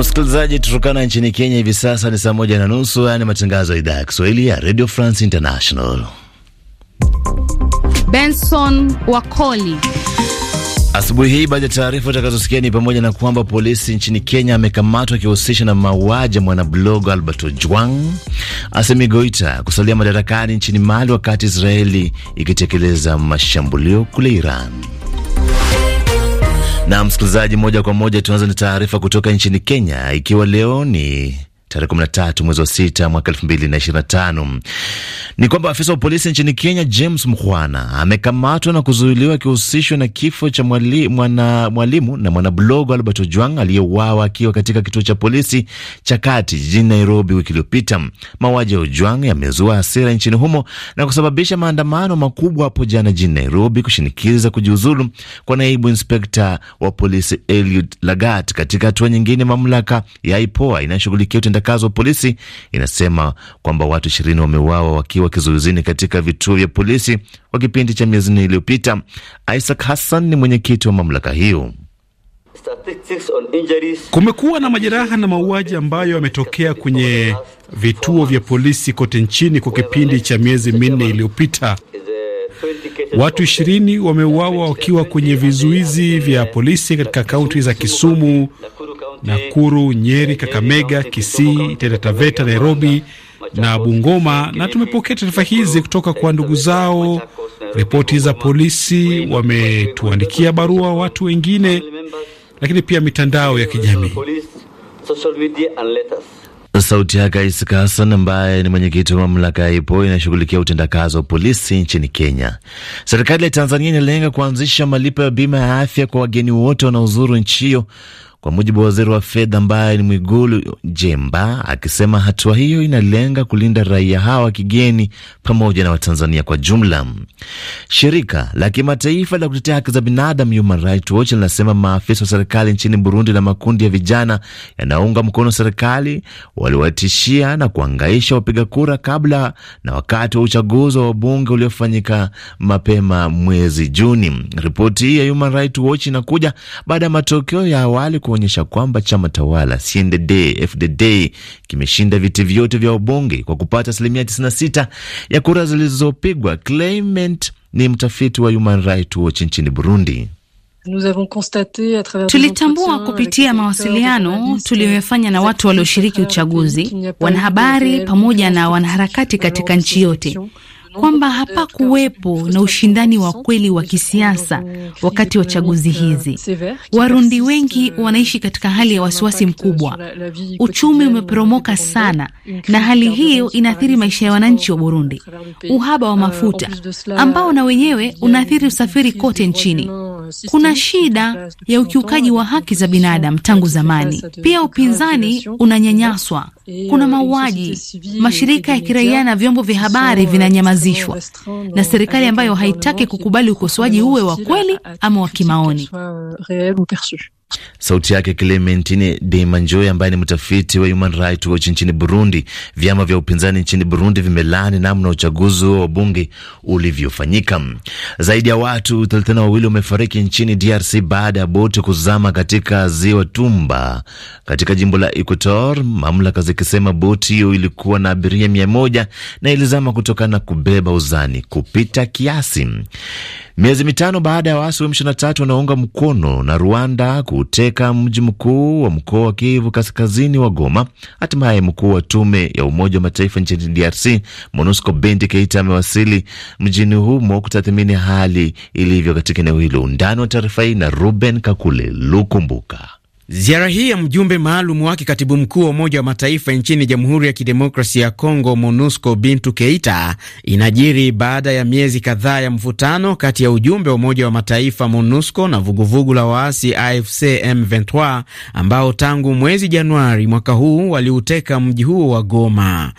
Msikilizaji, tutokana nchini Kenya. Hivi sasa ni saa moja na nusu. Haya matangazo ya idhaa ya Kiswahili ya Radio France International. Benson Wakoli. Asubuhi hii baadhi ya taarifa utakazosikia ni pamoja na kwamba polisi nchini Kenya amekamatwa akihusisha na mauaji ya mwanablogo Albert Ojwang. Asemi Goita kusalia madarakani nchini Mali wakati Israeli ikitekeleza mashambulio kule Iran. Na msikilizaji, moja kwa moja tunaanza na taarifa kutoka nchini Kenya, ikiwa leo ni tarehe 13 mwezi wa 6 mwaka 2025 ni kwamba afisa wa polisi nchini Kenya James Mkhwana amekamatwa na kuzuiliwa akihusishwa na kifo cha mwali, mwana, mwalimu na mwanablogo Albert Ojwang aliyeuawa akiwa katika kituo cha polisi cha kati jijini Nairobi wiki iliyopita. Mauaji ya Ojwang yamezua hasira nchini humo na kusababisha maandamano makubwa hapo jana jijini Nairobi kushinikiza kujiuzulu kwa naibu inspekta wa polisi Eliud Lagat. Katika hatua nyingine, mamlaka ya IPOA inayoshughulikia utendakazi wa polisi inasema kwamba watu ishirini wameuawa wakiwa akiwa kizuizini katika vituo vya polisi kwa kipindi cha miezi nne iliyopita. Isaac Hassan ni mwenyekiti wa mamlaka hiyo. Kumekuwa na majeraha na mauaji ambayo yametokea kwenye vituo vya polisi kote nchini kwa kipindi cha miezi minne iliyopita. Watu ishirini wameuawa wakiwa kwenye vizuizi vya polisi katika kaunti za Kisumu, Nakuru, Nyeri, Kakamega, Kisii, Taita Taveta, Nairobi na Bungoma, na tumepokea taarifa hizi kutoka kwa ndugu zao, ripoti za polisi, wametuandikia barua watu wengine, lakini pia mitandao ya kijamii. Sauti yake Isaka Hassan ambaye ni mwenyekiti wa mamlaka ipo inayoshughulikia utendakazi wa polisi nchini Kenya. Serikali ya Tanzania inalenga kuanzisha malipo ya bima ya afya kwa wageni wote wanaozuru nchi hiyo kwa mujibu wa waziri wa fedha ambaye ni Mwigulu Jemba akisema hatua hiyo inalenga kulinda raia hawa wa kigeni pamoja na Watanzania kwa jumla. Shirika la kimataifa la kutetea haki za binadamu Human Rights Watch linasema maafisa wa serikali nchini Burundi na makundi ya vijana yanaunga mkono serikali waliwatishia na kuangaisha wapiga kura kabla na wakati wa uchaguzi wa wabunge uliofanyika mapema mwezi Juni. Ripoti hii ya Human Rights Watch inakuja baada ya matokeo ya awali kuonyesha kwamba chama tawala CNDD FDD kimeshinda viti vyote vya ubunge kwa kupata asilimia 96 ya kura zilizopigwa. Clement ni mtafiti wa Human Rights Watch nchini Burundi. Tulitambua kupitia mawasiliano tuliyoyafanya na watu walioshiriki uchaguzi, wanahabari pamoja na wanaharakati katika nchi yote kwamba hapakuwepo na ushindani wa kweli wa kisiasa wakati wa chaguzi hizi. Warundi wengi wanaishi katika hali ya wasiwasi mkubwa, uchumi umeporomoka sana, na hali hiyo inaathiri maisha ya wananchi wa Burundi. Uhaba wa mafuta ambao na wenyewe unaathiri usafiri kote nchini. Kuna shida ya ukiukaji wa haki za binadamu tangu zamani. Pia upinzani unanyanyaswa kuna euh, mauaji, mashirika ya kiraia na vyombo vya habari vinanyamazishwa na serikali ambayo haitaki kukubali ukosoaji uwe wa kweli ama wa kimaoni. Euh, Sauti yake Clementine de Manjoy, ambaye ni mtafiti wa Human Rights Watch nchini Burundi. Vyama vya upinzani nchini Burundi vimelaani namna uchaguzi wa bunge ulivyofanyika. Zaidi ya watu thelathini na wawili wamefariki nchini DRC baada ya boti kuzama katika ziwa Tumba katika jimbo la Equator, mamlaka zikisema boti hiyo ilikuwa na abiria mia moja na ilizama kutokana na kubeba uzani kupita kiasi. Miezi mitano baada ya waasi wa M23 wanaounga mkono na Rwanda kuteka mji mkuu wa mkoa wa Kivu kaskazini wa Goma, hatimaye mkuu wa tume ya Umoja wa Mataifa nchini DRC MONUSCO Bendi Keita amewasili mjini humo kutathmini hali ilivyo katika eneo hilo. Undani wa taarifa hii na Ruben Kakule Lukumbuka. Ziara hii ya mjumbe maalum wake katibu mkuu wa Umoja wa Mataifa nchini Jamhuri ya Kidemokrasia ya Kongo, MONUSCO, Bintu Keita, inajiri baada ya miezi kadhaa ya mvutano kati ya ujumbe wa Umoja wa Mataifa, MONUSCO, na vuguvugu la waasi AFC M23 ambao tangu mwezi Januari mwaka huu waliuteka mji huo wa Goma.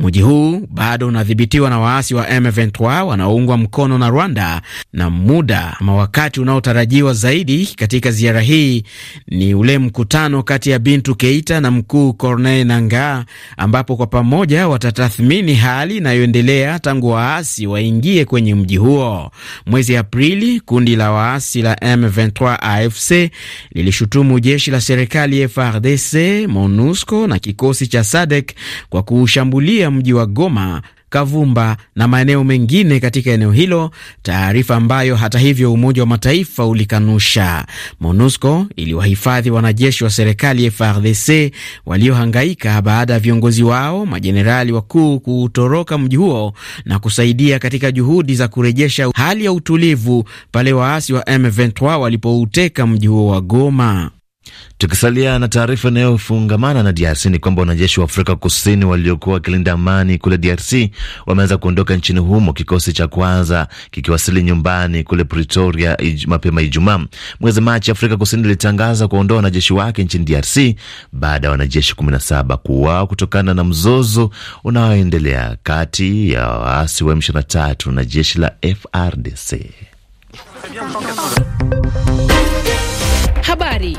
Mji huu bado unadhibitiwa na waasi wa M23 wanaoungwa mkono na Rwanda, na muda ama wakati unaotarajiwa zaidi katika ziara hii ni ule mkutano kati ya Bintu Keita na mkuu Corneille Nangaa, ambapo kwa pamoja watatathmini hali inayoendelea tangu waasi waingie kwenye mji huo. Mwezi Aprili, kundi la waasi la M23 AFC lilishutumu jeshi la serikali frdc MONUSCO na kikosi cha SADC kwa kuushambulia ya mji wa Goma, Kavumba na maeneo mengine katika eneo hilo, taarifa ambayo hata hivyo Umoja wa Mataifa ulikanusha. MONUSCO iliwahifadhi wanajeshi wa serikali FRDC waliohangaika baada ya viongozi wao majenerali wakuu kuutoroka mji huo na kusaidia katika juhudi za kurejesha hali ya utulivu pale waasi wa M23 walipouteka mji huo wa Goma. Tukisalia na taarifa inayofungamana na DRC ni kwamba wanajeshi wa Afrika Kusini waliokuwa wakilinda amani kule DRC wameanza kuondoka nchini humo, kikosi cha kwanza kikiwasili nyumbani kule Pretoria ij, mapema Ijumaa. Mwezi Machi, Afrika Kusini ilitangaza kuondoa wanajeshi wake nchini DRC baada ya wanajeshi 17 kuuawa kutokana na mzozo unaoendelea kati ya waasi wa M23 na jeshi la frdc Habari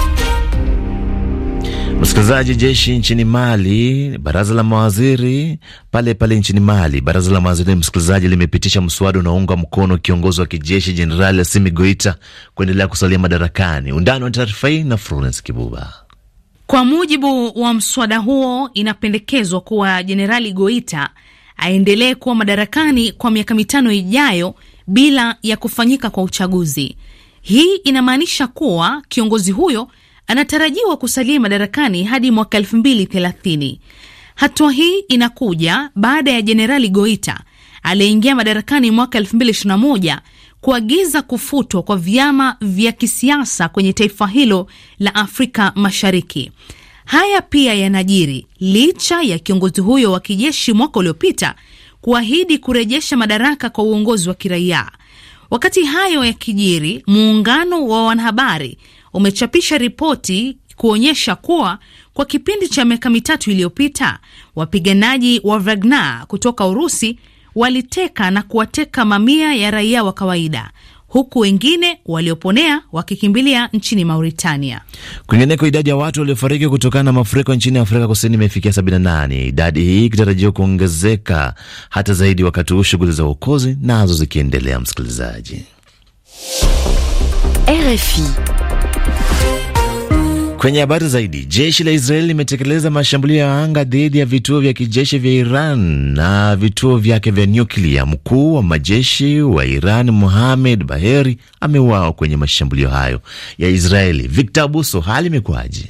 Msikilizaji, jeshi nchini Mali, baraza la mawaziri pale pale nchini Mali, baraza la mawaziri msikilizaji, limepitisha mswada unaounga mkono kiongozi wa kijeshi Jenerali Asimi Goita kuendelea kusalia madarakani. Undani wa taarifa hii na Florence Kibuba. Kwa mujibu wa mswada huo, inapendekezwa kuwa Jenerali Goita aendelee kuwa madarakani kwa miaka mitano ijayo bila ya kufanyika kwa uchaguzi. Hii inamaanisha kuwa kiongozi huyo anatarajiwa kusalia madarakani hadi mwaka thelathini. Hatua hii inakuja baada ya Jenerali Goita aliyeingia madarakani mwaka moja kuagiza kufutwa kwa vyama vya kisiasa kwenye taifa hilo la Afrika Mashariki. Haya pia yanajiri licha ya kiongozi huyo wa kijeshi mwaka uliopita kuahidi kurejesha madaraka kwa uongozi wa kiraia. Wakati hayo yakijiri, muungano wa wanahabari umechapisha ripoti kuonyesha kuwa kwa kipindi cha miaka mitatu iliyopita wapiganaji wa Wagner kutoka Urusi waliteka na kuwateka mamia ya raia wa kawaida huku wengine walioponea wakikimbilia nchini Mauritania. Kwingineko, idadi ya watu waliofariki kutokana na mafuriko nchini Afrika Kusini imefikia 78, idadi hii ikitarajiwa kuongezeka hata zaidi, wakati huu shughuli za uokozi nazo zikiendelea. Msikilizaji, RFI Kwenye habari zaidi, jeshi la Israeli limetekeleza mashambulio ya anga dhidi ya vituo vya kijeshi vya Iran na vituo vyake vya nyuklia. Mkuu wa majeshi wa Iran Mohamed Baheri ameuawa kwenye mashambulio hayo ya Israeli. Victor Abuso, hali imekuwaje?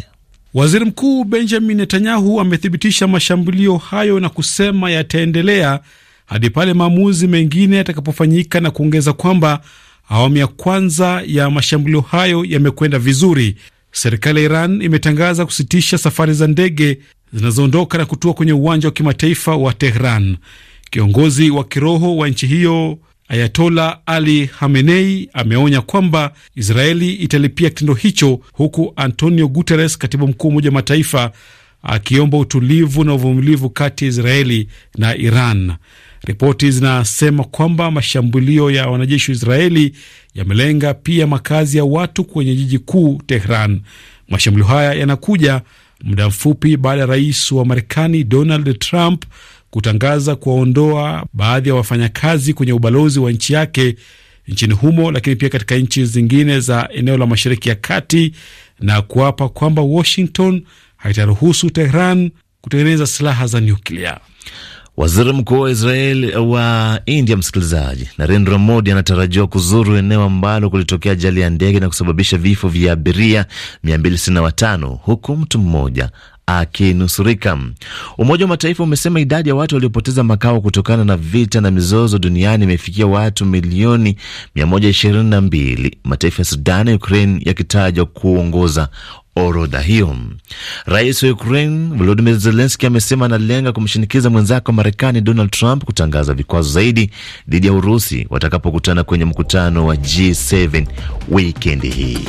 Waziri Mkuu Benjamin Netanyahu amethibitisha mashambulio hayo na kusema yataendelea hadi pale maamuzi mengine yatakapofanyika na kuongeza kwamba awamu ya kwanza ya mashambulio hayo yamekwenda vizuri. Serikali ya Iran imetangaza kusitisha safari za ndege zinazoondoka na kutua kwenye uwanja wa kimataifa wa Tehran. Kiongozi wa kiroho wa nchi hiyo Ayatola Ali Hamenei ameonya kwamba Israeli italipia kitendo hicho, huku Antonio Guterres, katibu mkuu wa Umoja wa Mataifa, akiomba utulivu na uvumilivu kati ya Israeli na Iran. Ripoti zinasema kwamba mashambulio ya wanajeshi wa Israeli yamelenga pia makazi ya watu kwenye jiji kuu Tehran. Mashambulio haya yanakuja muda mfupi baada ya rais wa Marekani Donald Trump kutangaza kuwaondoa baadhi ya wafanyakazi kwenye ubalozi wa nchi yake nchini humo, lakini pia katika nchi zingine za eneo la Mashariki ya Kati na kuapa kwamba Washington haitaruhusu Tehran kutengeneza silaha za nyuklia. Waziri mkuu wa Israel uh, wa India, msikilizaji, Narendra Modi anatarajiwa kuzuru eneo ambalo kulitokea ajali ya ndege na kusababisha vifo vya abiria 265 huku mtu mmoja akinusurika. Umoja wa Mataifa umesema idadi ya watu waliopoteza makao kutokana na vita na mizozo duniani imefikia watu milioni 122, mataifa ya Sudani Ukraine yakitajwa kuongoza orodha hiyo. Rais wa Ukraine Volodymyr Zelensky amesema analenga kumshinikiza mwenzake wa Marekani Donald Trump kutangaza vikwazo zaidi dhidi ya Urusi watakapokutana kwenye mkutano wa G7 wikendi hii.